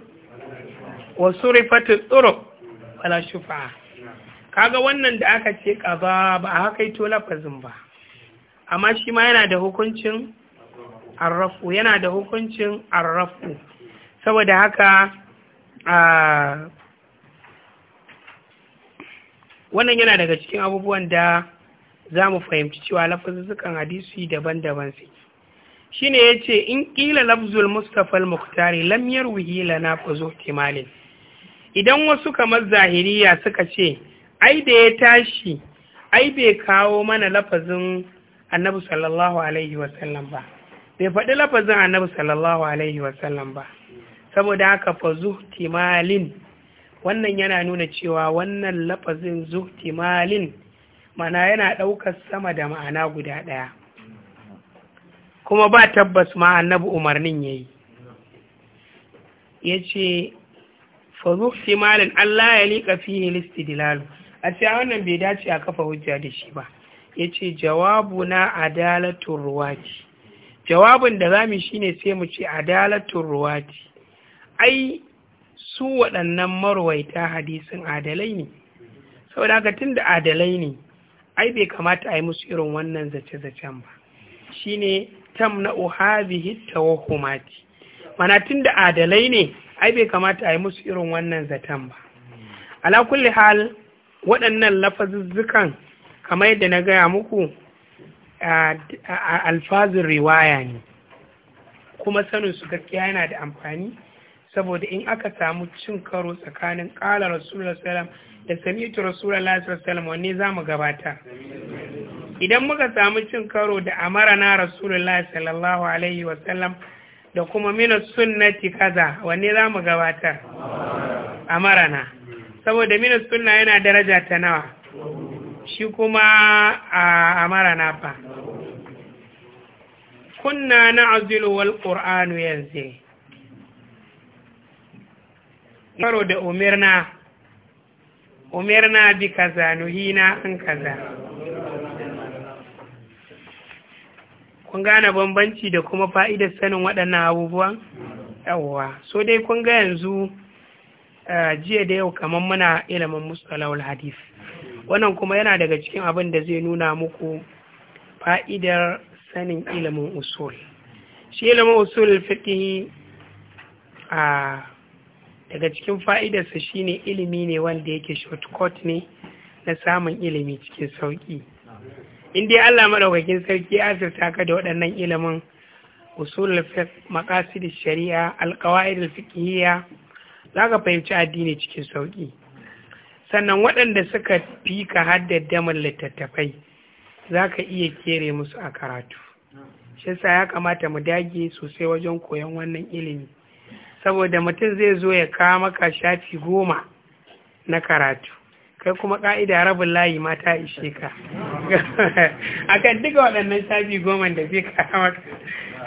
wa kaga wannan da aka ce kaba ba haka ito lafazin ba amma shi ma yana da hukuncin arrafu yana da hukuncin arrafu saboda haka wannan yana daga cikin abubuwan da za mu fahimci cewa lafazuzzukan hadisi daban-daban su shi ne ya ce in ƙila lafzul mustapha al-Muktaɗe, muktari lamyar wuhila na fa zuhtimalin idan wasu kamar zahiriya suka ce ai da ya tashi ai bai kawo mana lafazin annabi sallallahu alaihi wasallam ba bai faɗi lafazin annabi sallallahu alaihi wasallam ba saboda haka fa zuhti malin wannan yana nuna cewa wannan lafazin zuhti malin mana yana ɗaukar sama da ma'ana guda ɗaya kuma ba tabbas ma annabi umarnin ya yi ya ce fa zuhti malin Allah ya liƙa fiye dilalu a ce wannan bai dace a kafa hujja da shi ba ya ce jawabu na adalatun ruwaci jawabin da za mu shi ne sai mu ce adalatun ruwaci ai su waɗannan marwaita hadisin adalai ne saboda haka tun da adalai ne ai bai kamata a yi musu irin wannan zace-zacen ba shine tam na uhabihi tawahumati mana tun da adalai ne ai bai kamata a yi musu irin wannan zaton ba ala kulli hal waɗannan lafazuzzukan kamar yadda na gaya muku a alfazin riwaya ne kuma sanin su gaskiya yana da amfani saboda in aka samu cin karo tsakanin ƙala rasulullah salam da sami'tu rasulullah salam wanne za mu gabata idan muka samu cin karo da amara na rasulullah sallallahu alaihi wasallam da kuma mina sunnati kaza wanne za mu gabata amara na saboda mina sunna yana daraja ta nawa shi kuma a amara na fa kunna na azilu wal qur'anu yanzu yaro da umirna umirna bi kaza nuhina an kaza kun gane bambanci da kuma fa'idar sanin waɗannan abubuwan yawwa so dai kun ga yanzu eh, jiya da yau kamar muna ilimin musulawar hadith wannan kuma yana daga cikin abin da zai nuna muku fa'idar sanin ilimin usul shi ilimin usul fiƙi a ah, daga cikin fa'idarsa shine ilimi ne wanda yake shortcut ne na samun ilimi cikin sauƙi in dai Allah maɗaukakin sarki ya azurta ka da waɗannan ilimin usul maqasid shari'a alqawaid za ka fahimci addini cikin sauƙi sannan waɗanda suka fi ka haddada littattafai za ka iya kere musu a karatu shi ya kamata mu dage sosai wajen koyon wannan ilimi saboda mutum zai zo ya kawo maka shafi goma na karatu kai kuma ka'ida rabin layi ma ta ishe ka a kan duka waɗannan shafi goma da zai kawo maka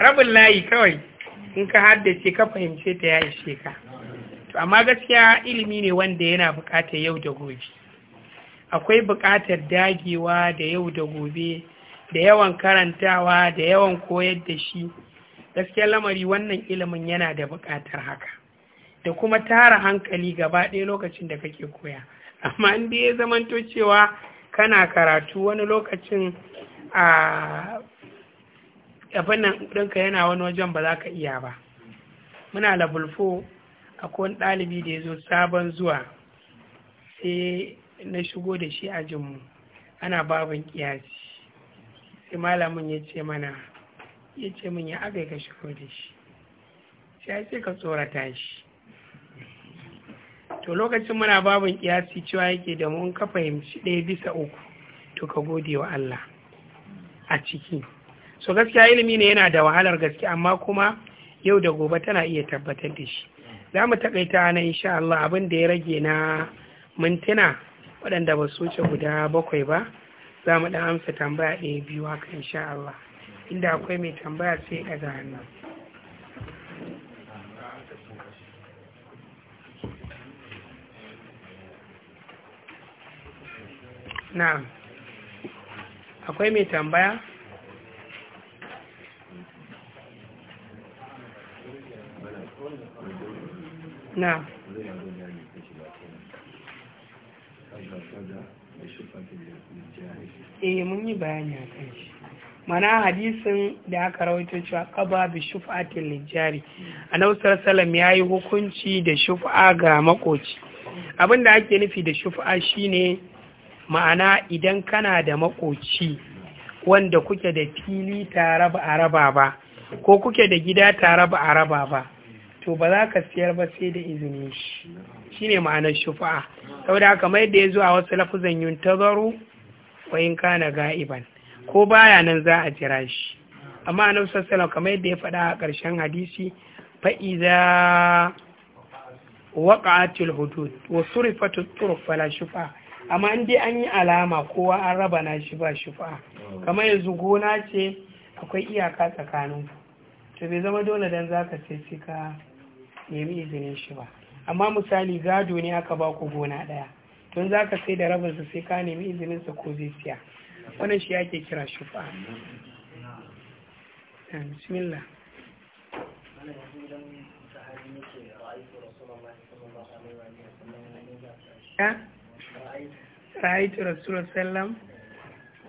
rabin layi kawai in ka haddace ka fahimce ta ya ishe ka amma gaskiya ilimi ne wanda yana buƙatar yau da gobe akwai buƙatar dagewa da yau da gobe da yawan karantawa da yawan koyar da shi gaskiya lamari wannan ilimin yana da buƙatar haka da kuma tara hankali gaba ɗaya lokacin da kake koya amma in da ya zamanto cewa kana karatu wani lokacin a abin nan ɗinka yana wani wajen ba za ka iya ba muna labulfo a kowane ɗalibi da ya zo sabon zuwa sai na shigo da shi ajinmu ana babin kiyasi sai malamin ya ce mana ya ce min ya aka ka shigo da shi sai sai ka tsorata shi to lokacin muna babin kiyasi cewa yake da mun ka fahimci ɗaya bisa uku to ka gode wa Allah a ciki so gaskiya ilimi ne yana da wahalar gaske amma kuma yau da gobe tana iya tabbatar da shi za mu takaita na insha Allah abin da ya rage na mintuna waɗanda ba su wuce guda bakwai ba za mu ɗan amsa tambaya ɗaya biyu haka insha Allah inda akwai mai tambaya sai ga hannu na akwai mai tambaya na eh mun yi bayani a kan shi mana hadisin da aka rawaito cewa kaba bi shuf'atin lijari annabi sallallahu yayi hukunci da shuf'a ga makoci da ake nufi da shuf'a shine ma'ana idan kana da makoci wanda kuke da fili tare ba a raba ba ko kuke da gida tare ba a raba ba to ba za ka siyar ba sai da izini shi shine ma'anar shuf'a saboda haka mai da ya zo a wasu lafuzan yuntazaru wa in kana ga'iban ko baya nan za a jira shi amma annabi sallallahu kamar yadda ya faɗa a ƙarshen hadisi fa idza hudud wa surifatit turuq fala shufa amma in dai an yi alama kowa an raba na shi ba shufa kamar yanzu gona ce akwai iyaka tsakanin to bai zama dole dan zaka sai sai ka nemi izinin shi ba amma misali gado ne aka ba ku gona ɗaya tun za ka sai da rabinsa sai ka nemi izininsa ko zai siya wannan shi yake kira shufa bismillah
رأيت رسول الله
صلى الله عليه وسلم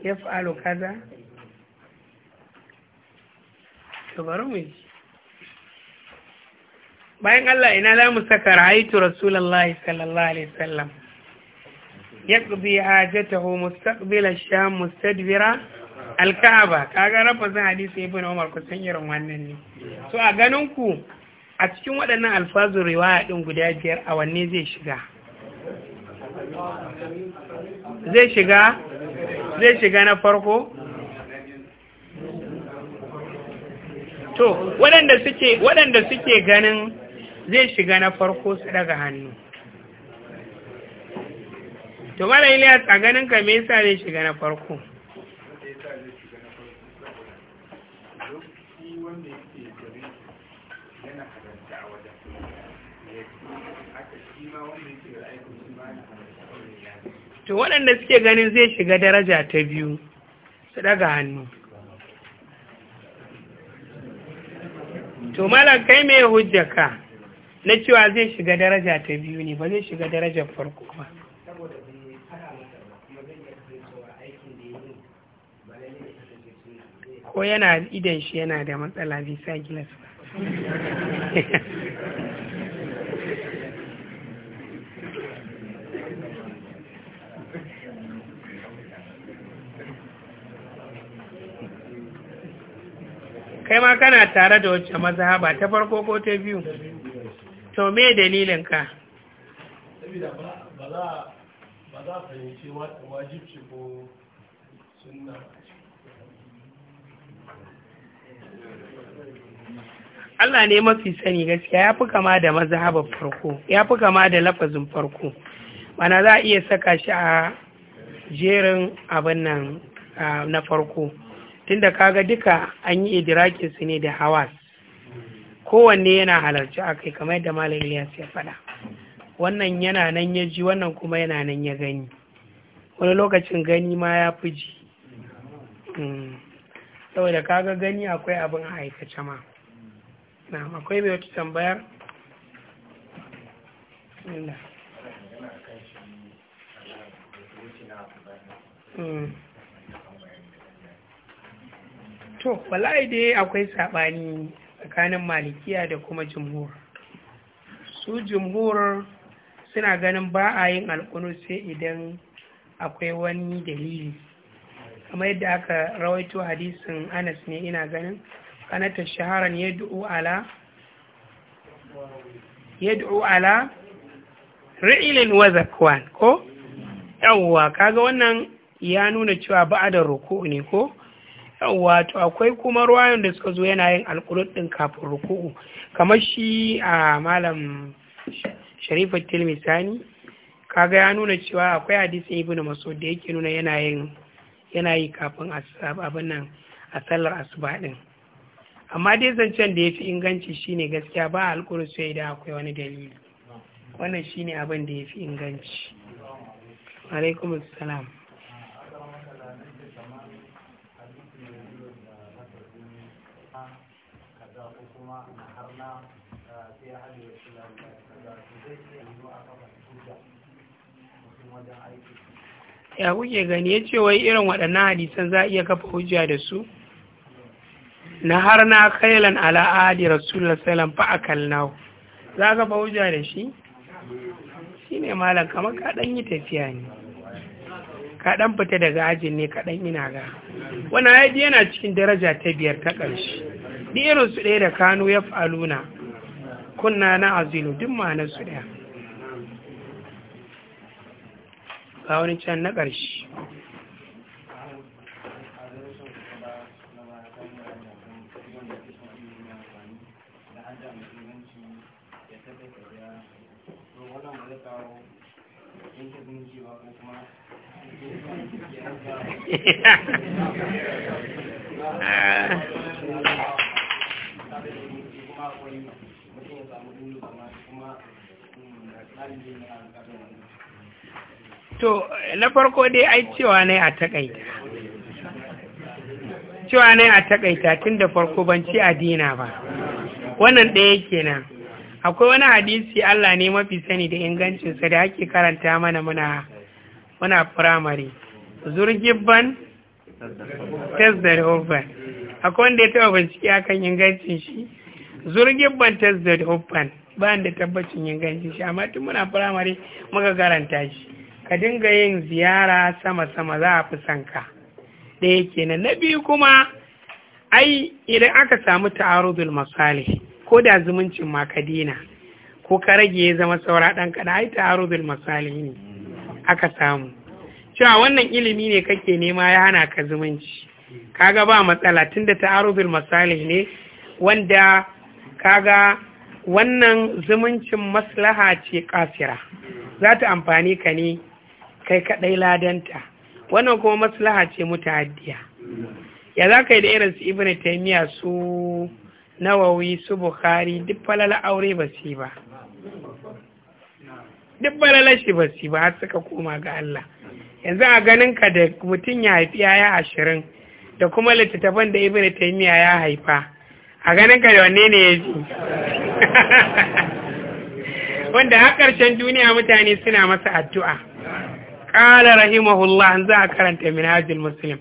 يفعل كذا تبرمج bayan Allah ina za mu رسول الله صلى الله عليه وسلم yaqdi hajatahu mustaqbil ash-sham mustadbira al-ka'aba kaga rafazin hadisi ibn umar kusan irin wannan ne so a ganin ku a cikin waɗannan alfazun riwaya din guda biyar a wanne zai shiga
zai shiga zai shiga na farko
to waɗanda suke waɗanda suke ganin zai shiga na farko su daga hannu to mara iliyas a ganin ka me yasa zai shiga na farko to waɗanda suke ganin zai shiga daraja ta biyu su ɗaga hannu to malam kai hujja hujjaka na cewa zai shiga daraja ta biyu ne ba zai shiga darajar farko ba
ko yana idan
shi yana da matsala bisa gilas ba
kai ma kana tare
da wacce mazhaba ta farko ko ta biyu to me dalilin ba
za a fahimci wajibci ko sunna
Allah ne mafi sani gaskiya ya fi kama da mazhabar farko ya fi kama da lafazin farko mana za a iya saka shi a jerin abin nan na farko tunda kaga duka an yi idirakin su ne da hawas kowanne yana halarci a kai kamar yadda malam Ilyas ya faɗa wannan yana nan ya ji wannan kuma yana nan ya gani wani lokacin gani ma ya fi ji hmm. saboda kaga gani akwai abin a aikace ma na akwai mai wata tambayar hmm. to wala'i dai akwai saɓani tsakanin malikiya da kuma jimhur su jimhur suna ganin ba a yin alkunu sai idan akwai wani dalili kamar yadda aka rawaito hadisin anas ne ina ganin قناة شهرا يدعو على يدعو على ri'ilin wa zakwan ko yawwa kaga wannan ya nuna cewa ba ruku'u ne ko yawwa to akwai kuma ruwayan da suka zo yana yin alƙulud din kafin ruku'u kamar shi a malam sharifat tilmisani kaga ya nuna cewa akwai hadisin ibn masud da yake nuna yana yin yana yi kafin abin nan a sallar asuba din amma dai zancen da ya fi inganci shine gaskiya ba a alkurusu ya idan akwai wani dalili wannan shine abin da ya fi inganci
alaikum salam
ya kuke gani ya ce wai irin waɗannan hadisan za a iya kafa hujja da su na har na kailan ala'adi rasulullah salam fa akalnahu za ka fa da shi shine ne malam kamar kaɗan yi tafiya ne ka kaɗan fita daga ajin ne kaɗan ina ga wani haji yana cikin daraja ta biyar ta ƙarshe Ni irin su ɗaya da kano ya faluna kunna na azilu duk ma'anar su ɗaya ga wani can na ƙarshe To, na farko dai ai cewa ne a takaita. Cewa ne a takaita tun da farko ban ci a dina ba. Wannan ɗaya kenan. akwai wani hadisi Allah ne mafi sani da ingancinsa da ake karanta mana muna muna firamare zurgibban
tasdar hufan
akwai wanda ya taba bincike akan ingancin shi zurgibban tasdar hufan ba da tabbacin ingancin shi amma tun muna firamare muka karanta shi ka dinga yin ziyara sama-sama za a fi sanka ɗaya kenan na biyu kuma ai idan aka samu ta'arudul masalih ko da zumuncin ma ka dina ko ka rage ya zama saura ɗan kada ai taro misali ne aka samu cewa wannan ilimi ne kake nema ya hana ka zumunci kaga ba matsala tunda bil misali ne wanda kaga wannan zumuncin maslaha ce kasira za ta amfani ka ne kai kaɗai ladanta wannan kuma maslaha ce muta'addiya ya za ka yi da irin su ibn taymiya su nawawi su bukhari duk falala aure ba su ba duk falala shi ba su ba har suka koma ga Allah yanzu a ganin ka da mutum ya haifi yaya ashirin da kuma littattafan da ibn miya ya haifa a ganin ka da wanne ne ya ji wanda har ƙarshen duniya mutane suna masa addu'a ƙara rahimahullah za a karanta minajin muslim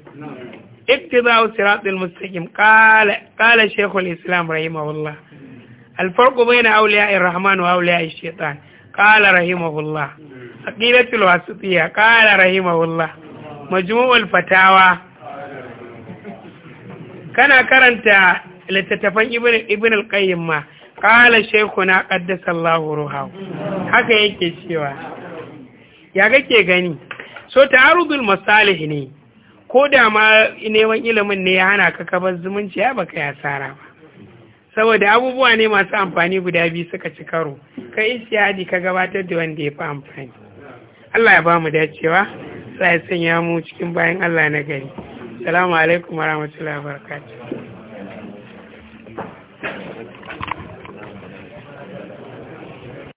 اتباع الصراط المستقيم قال قال شيخ الإسلام رحمه الله الفرق بين أولياء الرحمن وأولياء الشيطان قال رحمه الله قيلة الوسطية قال رحمه الله مجموع الفتاوى كان كرنت لتتفن ابن, ابن القيم ما قال شيخنا قدس الله روحه حكا يكي شيوا يا كي غني سو تعرض المصالح ني ko da ma neman ilimin ne ya hana ka kabar zumunci ya baka ya tsara ba saboda abubuwa ne masu amfani guda biyu suka ci karo ka hadi ka gabatar da wanda ya fi amfani Allah ya bamu dacewa sai ya sanya mu cikin bayan Allah na gari Salamu alaikum warahmatullahi wabarakatuh